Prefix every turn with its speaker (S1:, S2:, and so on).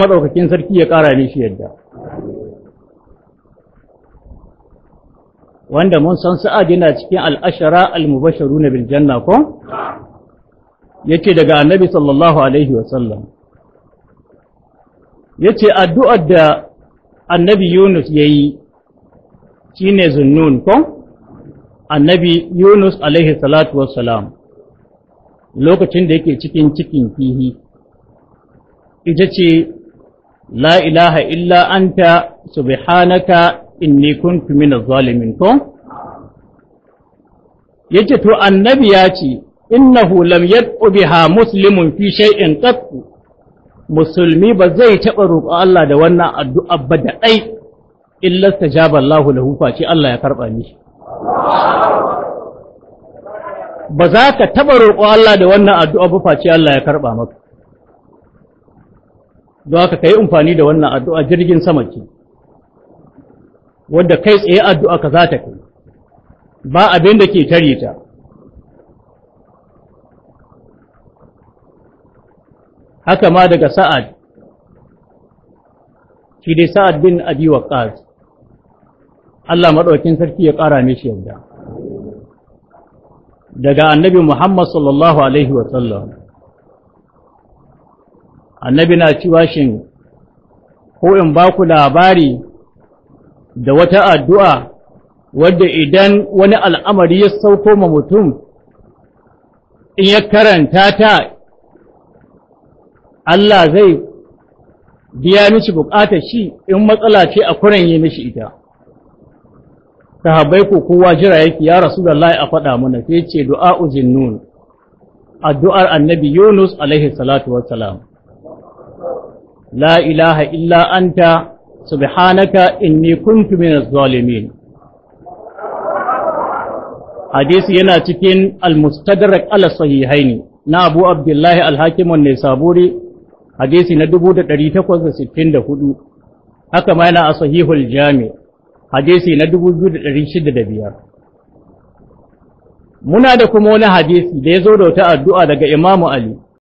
S1: madaukakin sarki ya ƙara mishi yadda wanda mun san sa'ad yana cikin al'ashara al-mubasharu na biljanna ko? yake daga annabi sallallahu Alaihi wasallam ya ce addu'ar da annabi Yunus ya yi shi ne zunnun ko? annabi Yunus Alaihi salatu salam. lokacin da yake cikin cikin kihi ita ce la ilaha illa anta subhanaka inni kuntu minaz zalimin ko yace to annabi ya ce innahu lam yad'u biha muslimun fi shay'in qattu musulmi ba zai taɓa roƙo Allah da wannan addu'a ba da face Allah ya karɓa ni ba za ka taɓa roƙo Allah da wannan addu'a ba face Allah ya karɓa maka don haka yi amfani da wannan addu'a jirgin sama ce wadda kai tsaye addu'a ka za ta kai ba abin da ke tare ta haka ma daga sa'ad shi dai sa'ad bin abi waqas Allah maɗaukin sarki ya ƙara mishi yadda daga annabi Muhammad sallallahu alaihi wa annabi na cewa shin ko in ba ku labari da wata addu'a wadda idan wani al'amari ya sauko ma mutum in ya karanta ta Allah zai biya mishi bukatar shi in matsala ce a kuren yi mishi ita sahabbai ko kowa jira yake ya rasu da rasulullahi a faɗa mana sai ce du'a uzinnun. addu'ar annabi Yunus alaihi salatu wassalam la ilaha illa anta subhanaka inni kuntu minaz zalimin hadisi yana cikin al-mustadrak ala sahihaini na Abu Abdullahi al-Hakim ne saburi hadisi na 1864 haka ma yana a jami hadisi na biyar. muna da kuma wani hadisi da ya zo da wata addu'a daga Imamu Ali